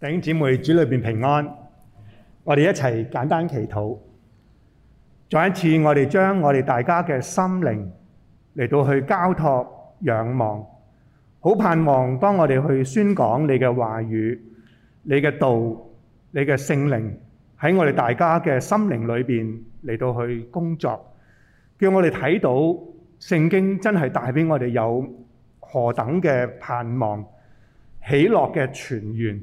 弟兄姐妹，主裏面平安，我哋一齊簡單祈禱。再一次，我哋將我哋大家嘅心靈嚟到去交託仰望，好盼望當我哋去宣講你嘅話語、你嘅道、你嘅聖靈喺我哋大家嘅心靈裏邊嚟到去工作，叫我哋睇到聖經真係帶畀我哋有何等嘅盼望、喜樂嘅泉源。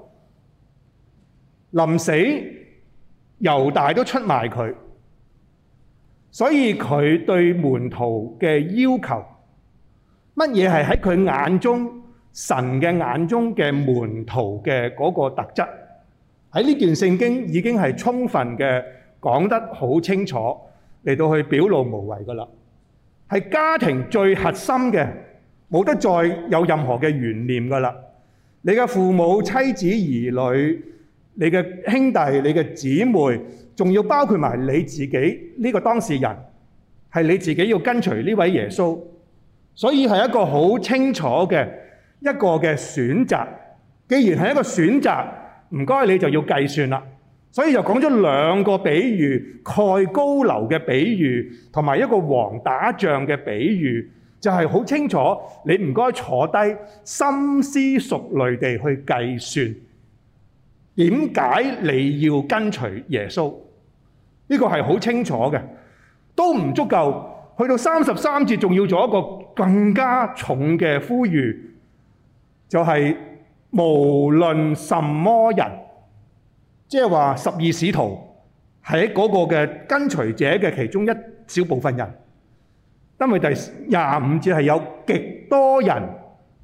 臨死，猶大都出賣佢，所以佢對門徒嘅要求，乜嘢係喺佢眼中、神嘅眼中嘅門徒嘅嗰個特質，喺呢段聖經已經係充分嘅講得好清楚，嚟到去表露無遺㗎喇。係家庭最核心嘅，冇得再有任何嘅懸念㗎喇。你嘅父母、妻子、兒女。你嘅兄弟、你嘅姊妹，仲要包括埋你自己呢個當事人，係你自己要跟隨呢位耶穌，所以係一個好清楚嘅一個嘅選擇，既然係一個選擇，唔該你就要計算啦。所以就講咗兩個比喻，蓋高樓嘅比喻，同埋一個王打仗嘅比喻，就係好清楚，你唔該坐低深思熟慮地去計算。點解你要跟隨耶穌？呢個係好清楚嘅，都唔足夠。去到三十三節，仲要做一個更加重嘅呼籲，就係無論什麼人，即係話十二使徒係喺嗰個嘅跟隨者嘅其中一小部分人。因為第廿五節係有極多人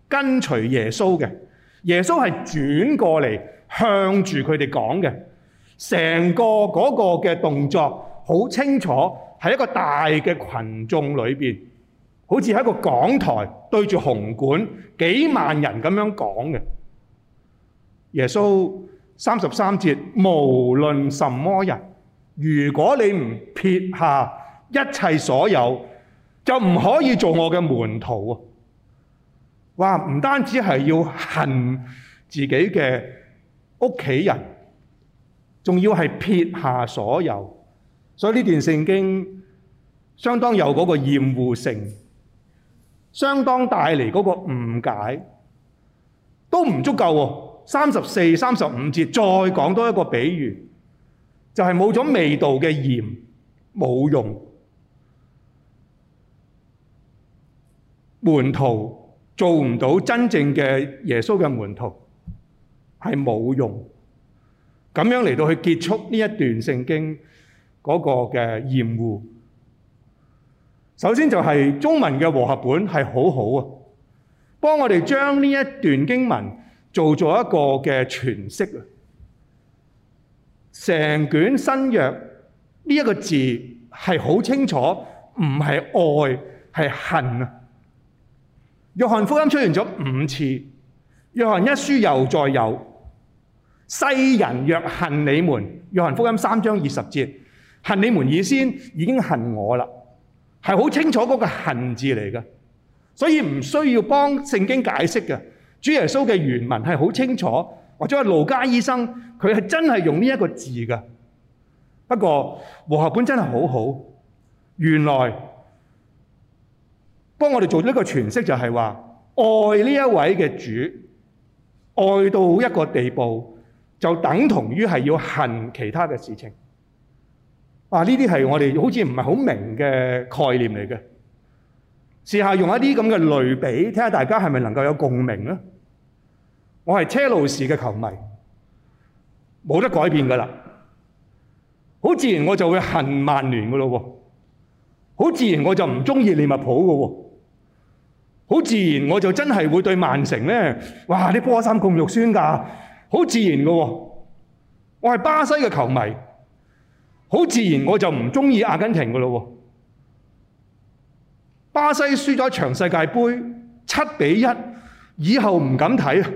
跟隨耶穌嘅，耶穌係轉過嚟，向住佢哋講嘅，成個嗰個嘅動作好清楚，係一個大嘅群眾裏邊，好似喺一個講台對住紅館幾萬人咁樣講嘅。耶穌三十三節，無論什麼人，如果你唔撇下一切所有，就唔可以做我嘅門徒啊！哇，唔單止係要恨自己嘅。屋企人仲要係撇下所有，所以呢段聖經相當有嗰個厭惡性，相當帶嚟嗰個誤解，都唔足夠啊。三十四、三十五節再講多一個比喻，就係冇咗味道嘅鹽冇用，門徒做唔到真正嘅耶穌嘅門徒。係冇用，咁樣嚟到去結束呢一段聖經嗰個嘅厭惡。首先就係中文嘅和合本係好好啊，幫我哋將呢一段經文做咗一個嘅詮釋啊。成卷新約呢一個字係好清楚，唔係愛，係恨啊。約翰福音出現咗五次，約翰一書又再有。世人若恨你們，約翰福音三章二十節，恨你們以先，已經恨我了。係好清楚嗰個恨字嚟嘅，所以唔需要幫聖經解釋嘅主耶穌嘅原文係好清楚。或者話盧家醫生佢係真係用呢一個字嘅，不過和合本真係好好。原來幫我哋做了一個詮釋就係話愛呢一位嘅主，愛到一個地步。就等同於係要恨其他嘅事情。啊！呢啲係我哋好似唔係好明嘅概念嚟嘅。試下用一啲咁嘅類比，睇下大家係咪能夠有共鳴咧？我係車路士嘅球迷，冇得改變噶啦。好自然我就會恨曼聯噶咯喎。好自然我就唔中意利物浦噶喎。好自然我就真係會對曼城咧，哇！啲波衫咁肉酸噶～好自然喎。我係巴西嘅球迷，好自然我就唔鍾意阿根廷嘅喎。巴西輸咗一場世界盃七比一，以後唔敢睇啊，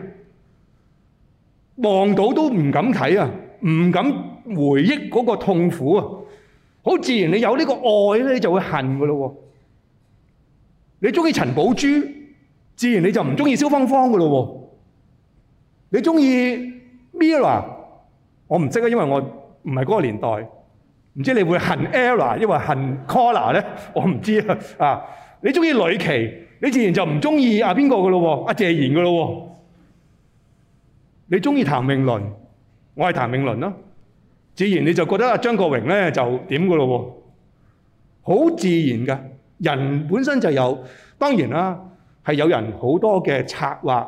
望到都唔敢睇啊，唔敢回憶嗰個痛苦啊。好自然，你有呢個愛你就會恨嘅喎。你鍾意陳寶珠，自然你就唔鍾意蕭芳芳嘅喎。你鍾意 Mirror 我唔識啊，因為我唔係嗰個年代，唔知道你會恨 Era 因為恨 Col 呢，我唔知道啊。你鍾意呂奇，你自然就唔鍾意阿邊個嘅咯喎，阿、啊、謝賢嘅咯喎。你鍾意譚詠麟，我係譚詠麟咯，自然你就覺得張國榮咧就點嘅咯喎，好自然嘅人本身就有，當然啦，係有人好多嘅策劃。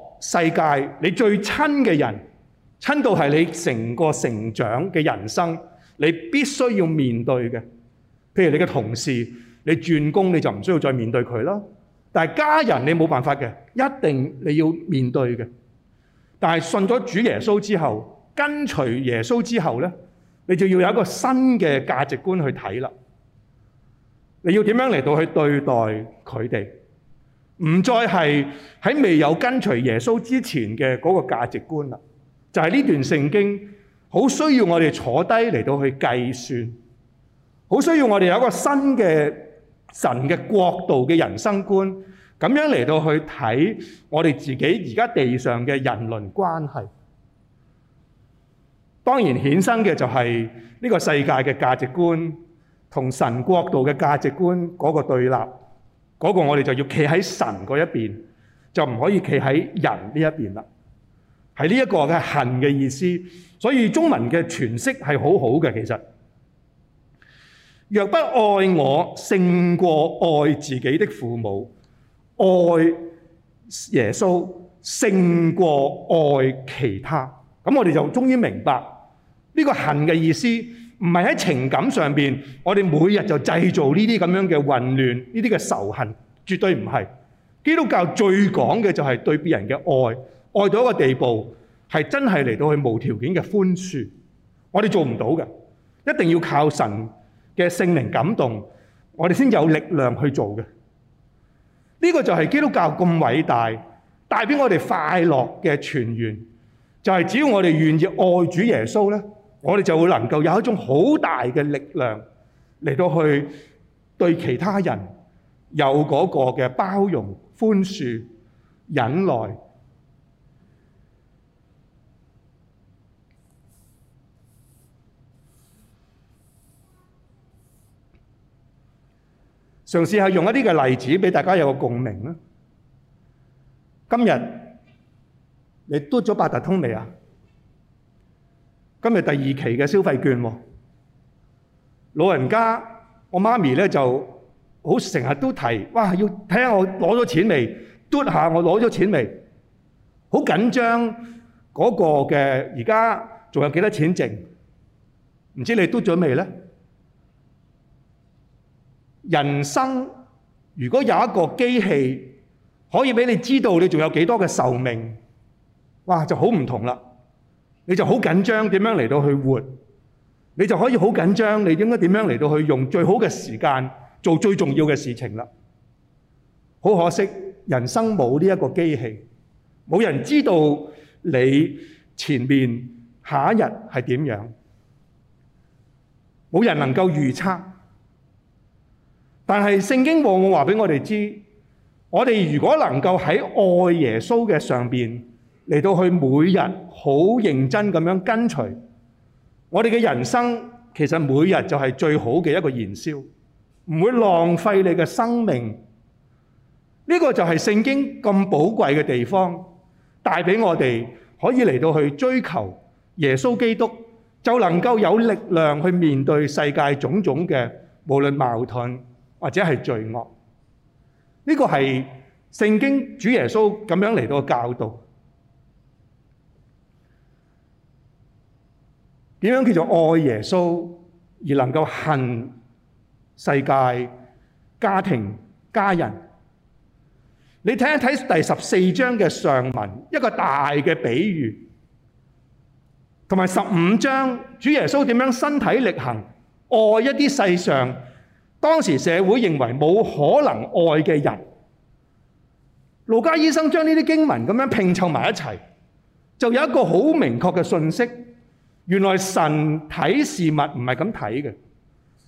世界你最親嘅人，親到係你成個成長嘅人生，你必須要面對嘅。譬如你嘅同事，你轉工你就唔需要再面對佢啦。但係家人你冇辦法嘅，一定你要面對嘅。但係信咗主耶穌之後，跟隨耶穌之後咧，你就要有一個新嘅價值觀去睇啦。你要點樣嚟到去對待佢哋？唔再係喺未有跟隨耶穌之前嘅嗰個價值觀啦，就係呢段聖經好需要我哋坐低嚟到去計算，好需要我哋有一個新嘅神嘅國度嘅人生觀，咁樣嚟到去睇我哋自己而家地上嘅人倫關係。當然衍生嘅就係呢個世界嘅價值觀同神國度嘅價值觀嗰個對立。嗰個我哋就要企喺神嗰一邊，就唔可以企喺人呢一邊啦。係呢一個嘅恨嘅意思，所以中文嘅詮釋係好好嘅。其實若不愛我，勝過愛自己的父母，愛耶穌，勝過愛其他。咁我哋就終於明白呢個恨嘅意思。唔係喺情感上邊，我哋每日就製造呢啲咁樣嘅混亂，呢啲嘅仇恨，絕對唔係。基督教最講嘅就係對別人嘅愛，愛到一個地步，係真係嚟到去無條件嘅寬恕。我哋做唔到嘅，一定要靠神嘅聖靈感動，我哋先有力量去做嘅。呢、這個就係基督教咁偉大，帶俾我哋快樂嘅泉源，就係、是、只要我哋願意愛主耶穌呢，我哋就會能夠有一種好大嘅力量嚟到去對其他人有嗰個嘅包容、寬恕、忍耐。嘗試係用一啲嘅例子俾大家有個共鳴啦。今日你篤咗八達通未啊？今日第二期嘅消費券，老人家，我媽咪呢就好成日都提，哇！要睇下我攞咗錢未，篤下我攞咗錢未，好緊張嗰個嘅，而家仲有幾多錢剩？唔知你篤咗未呢？人生如果有一個機器可以俾你知道你仲有幾多嘅壽命，哇！就好唔同啦。你就好緊張，點樣嚟到去活？你就可以好緊張，你應該點樣嚟到去用最好嘅時間做最重要嘅事情啦。好可惜，人生冇呢一個機器，冇人知道你前面下一日係點樣，冇人能夠預測。但係聖經往往話俾我哋知，我哋如果能夠喺愛耶穌嘅上面。嚟到去每日好認真咁樣跟隨，我哋嘅人生其實每日就係最好嘅一個燃燒，唔會浪費你嘅生命。呢個就係聖經咁寶貴嘅地方，帶俾我哋可以嚟到去追求耶穌基督，就能夠有力量去面對世界種種嘅無論矛盾或者係罪惡。呢個係聖經主耶穌咁樣嚟到教導。點樣叫做愛耶穌而能夠恨世界、家庭、家人？你睇一睇第十四章嘅上文，一個大嘅比喻，同埋十五章主耶穌點樣身體力行愛一啲世上當時社會認為冇可能愛嘅人。路加醫生將呢啲經文咁樣拼湊埋一齊，就有一個好明確嘅訊息。原來神睇事物唔係咁睇嘅，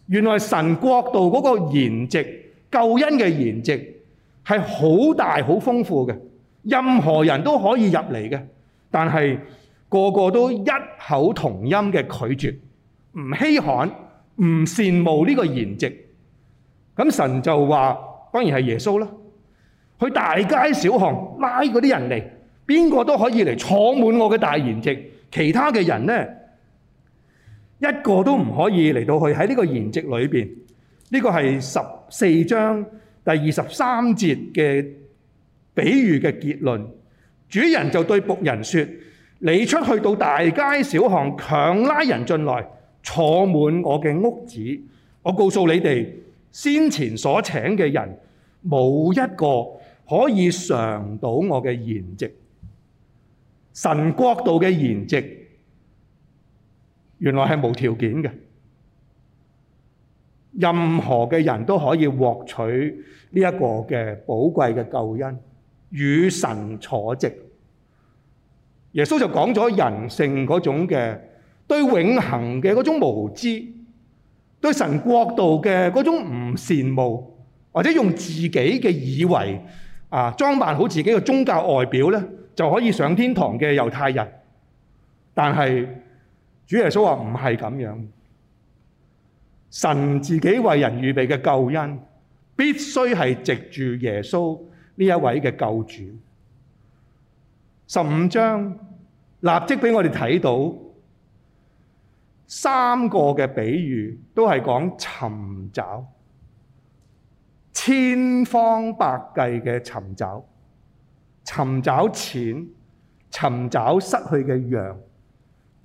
原來神國度嗰個筵席救恩嘅筵席係好大好豐富嘅，任何人都可以入嚟嘅，但係個個都一口同音嘅拒絕，唔稀罕唔羨慕呢個筵席，咁神就話，當然係耶穌啦，去大街小巷拉嗰啲人嚟，邊個都可以嚟坐滿我嘅大筵席，其他嘅人咧。一個都唔可以嚟到去喺呢個筵席裏面。呢、呢個係十四章第二十三節嘅比喻嘅結論。主人就對僕人說：你出去到大街小巷，強拉人進來，坐滿我嘅屋子。我告訴你哋，先前所請嘅人，冇一個可以嚐到我嘅筵席，神國度嘅筵席。原來係無條件嘅，任何嘅人都可以獲取呢一個嘅寶貴嘅救恩。與神坐席，耶穌就講咗人性嗰種嘅對永恆嘅嗰種無知，對神國度嘅嗰種唔羨慕，或者用自己嘅以為啊，裝扮好自己嘅宗教外表呢就可以上天堂嘅猶太人，但係。主耶穌話唔係咁樣，神自己為人預備嘅救恩，必須係藉住耶穌呢一位嘅救主。十五章立即俾我哋睇到三個嘅比喻，都係講尋找，千方百計嘅尋找，尋找錢，尋找失去嘅羊。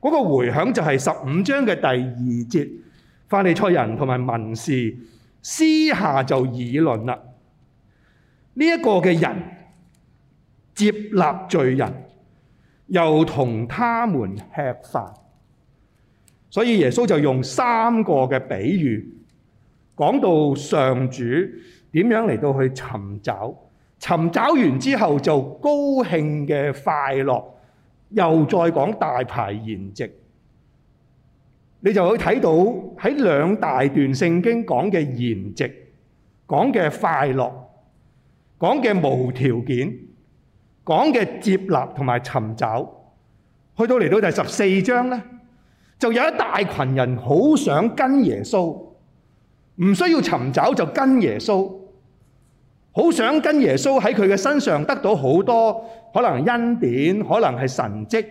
嗰個回響就係十五章嘅第二節，法利賽人同埋文士私下就議論啦。呢、這、一個嘅人接納罪人，又同他們吃飯。所以耶穌就用三個嘅比喻講到上主點樣嚟到去尋找，尋找完之後就高興嘅快樂。又再講大排筵席，你就可以睇到喺兩大段聖經講嘅筵席，講嘅快樂，講嘅無條件，講嘅接納同埋尋找。去到嚟到第十四章呢，就有一大群人好想跟耶穌，唔需要尋找就跟耶穌。好想跟耶穌喺佢嘅身上得到好多可能恩典，可能係神蹟，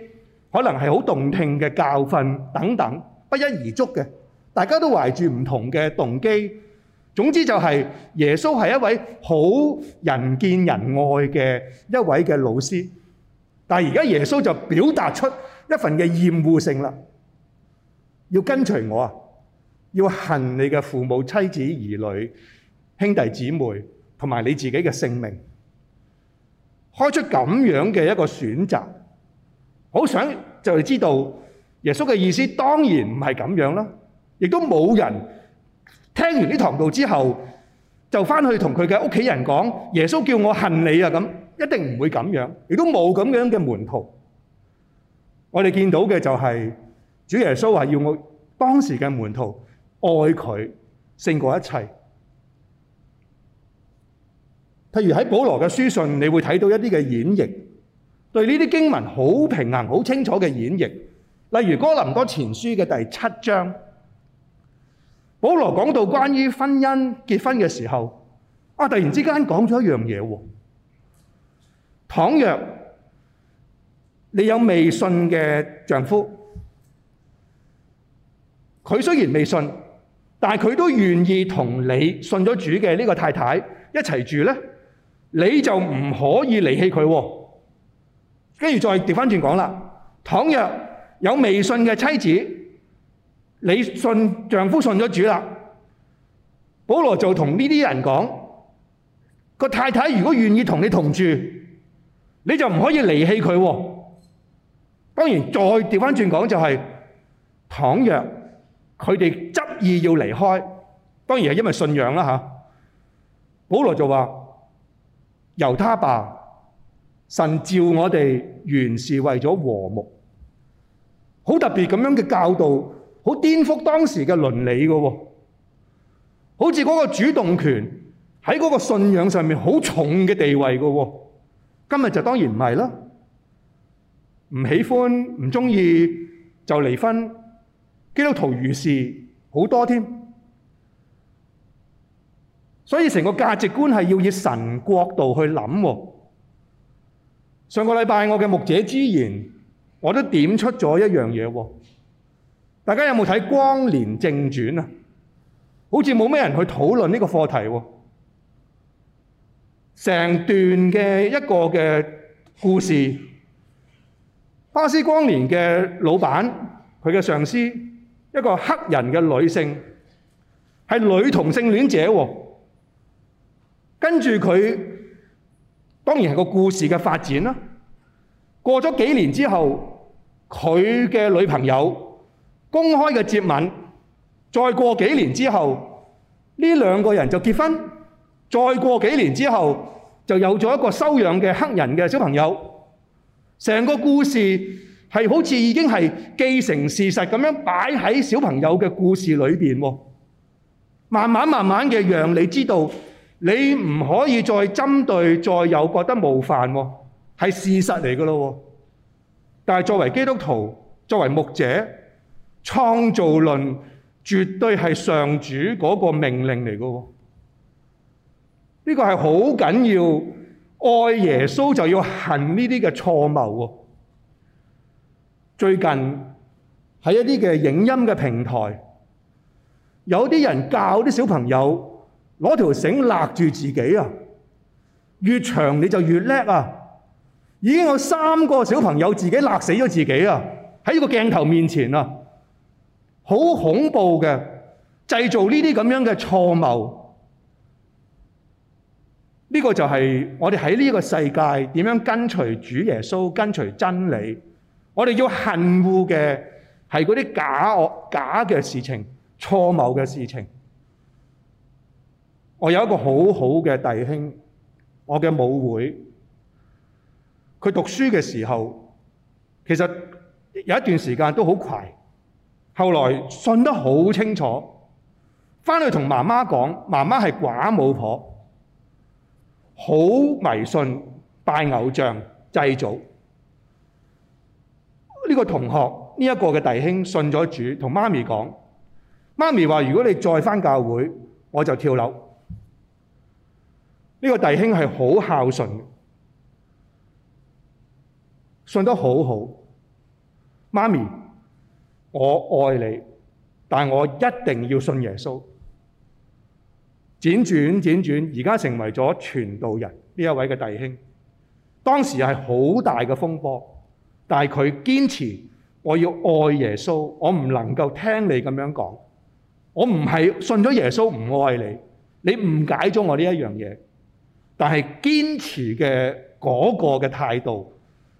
可能係好動聽嘅教訓等等，不一而足嘅。大家都懷住唔同嘅動機，總之就係耶穌係一位好人見人愛嘅一位嘅老師。但係而家耶穌就表達出一份嘅厭惡性啦，要跟隨我啊，要恨你嘅父母、妻子、兒女、兄弟姊妹。同埋你自己嘅性命，開出咁樣嘅一個選擇，好想就係知道耶穌嘅意思，當然唔係咁樣啦，亦都冇人聽完啲堂道之後就翻去同佢嘅屋企人講，耶穌叫我恨你啊。咁，一定唔會咁樣，亦都冇咁樣嘅門徒。我哋見到嘅就係主耶穌話要我當時嘅門徒愛佢勝過一切。譬如喺保羅嘅書信，你會睇到一啲嘅演繹，對呢啲經文好平衡、好清楚嘅演繹。例如哥林多前書嘅第七章，保羅講到關於婚姻結婚嘅時候，啊突然之間講咗一樣嘢喎。「倘若你有未信嘅丈夫，佢雖然未信，但佢都願意同你信咗主嘅呢個太太一齊住呢。」你就唔可以離棄佢，跟住再調返轉講啦。倘若有未信嘅妻子，你信丈夫信咗主啦，保羅就同呢啲人講：個太太如果願意同你同住，你就唔可以離棄佢。當然再調返轉講就係，是：倘若佢哋執意要離開，當然係因為信仰啦嚇。保羅就話。由他爸神，召我哋原是為咗和睦。好特別咁樣嘅教導，好顛覆當時嘅倫理㗎喎。好似嗰個主動權喺嗰個信仰上面好重嘅地位㗎喎。今日就當然唔係啦，唔喜歡唔鍾意就離婚，基督徒如是，好多添。所以成個價值觀係要以神角度去諗。上個禮拜我嘅牧者之言，我都點出咗一樣嘢。大家有冇睇光年正傳啊？好似冇咩人去討論呢個課題。成段嘅一個嘅故事，巴斯光年嘅老闆，佢嘅上司，一個黑人嘅女性係女同性戀者喎。跟住佢，當然係個故事嘅發展啦。過咗幾年之後，佢嘅女朋友公開嘅接吻，再過幾年之後，呢兩個人就結婚。再過幾年之後，就有咗一個收養嘅黑人嘅小朋友。成個故事係好似已經係既成事實咁樣擺喺小朋友嘅故事裏面，慢慢慢慢嘅讓你知道。你唔可以再針對，再有覺得冒犯喎，係事實嚟㗎咯。但係作為基督徒，作為牧者，創造論絕對係上主嗰個命令嚟㗎喎。呢個係好緊要，愛耶穌就要恨呢啲嘅錯謬喎。最近喺一啲嘅影音嘅平台，有啲人教啲小朋友。攞條繩勒住自己啊！越長你就越叻啊！已經有三個小朋友自己勒死咗自己啊！喺個鏡頭面前啊，好恐怖嘅！製造呢啲咁樣嘅錯謬，呢、呢個就係我哋喺呢個世界點樣跟隨主耶穌、跟隨真理。我哋要恨惡嘅係嗰啲假惡假嘅事情、錯謬嘅事情。我有一個好好嘅弟兄，我嘅母會，佢讀書嘅時候，其實有一段時間都好攰，後來信得好清楚，返去同媽媽講，媽媽係寡母婆，好迷信、拜偶像、祭祖。呢、呢個同學呢一、呢個嘅弟兄信咗主，同媽咪講，媽咪話：如果你再返教會，我就跳樓。呢個弟兄係好孝順的，信得好好。媽咪，我愛你，但我一定要信耶穌。輾轉輾轉，而家成為咗傳道人呢一位嘅弟兄。當時係好大嘅風波，但係佢堅持我要愛耶穌，我唔能夠聽你咁樣講。我唔係信咗耶穌唔愛你，你誤解咗我呢一樣嘢。但係堅持嘅嗰個嘅態度，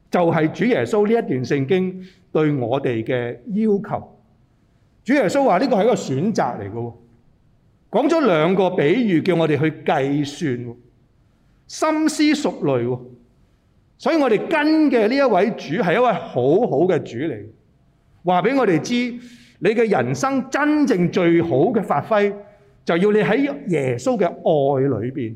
就係主耶穌呢一段聖經對我哋嘅要求。主耶穌話呢個係一個選擇嚟嘅，講咗兩個比喻叫我哋去計算，深思熟慮。所以我哋跟嘅呢一位主係一位好好嘅主嚟，話俾我哋知，你嘅人生真正最好嘅發揮，就要你喺耶穌嘅愛裏邊。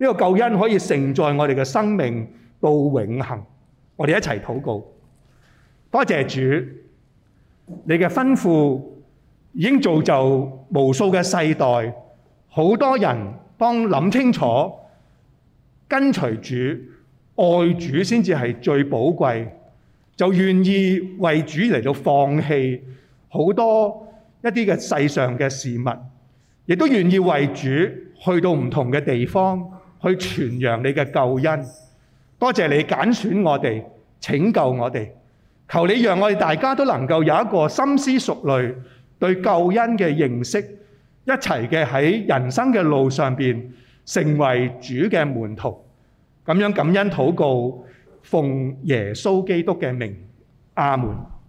呢個救恩可以承載我哋嘅生命到永恆，我哋一齊禱告。多謝主，你嘅吩咐已經造就無數嘅世代，好多人當諗清楚，跟隨主，愛主先至係最寶貴，就願意為主嚟到放棄好多一啲嘅世上嘅事物，亦都願意為主去到唔同嘅地方。去傳揚你嘅救恩，多謝你揀選我哋，拯救我哋，求你讓我哋大家都能夠有一個深思熟慮對救恩嘅認識，一齊嘅喺人生嘅路上邊成為主嘅門徒，咁樣感恩禱告，奉耶穌基督嘅名，阿門。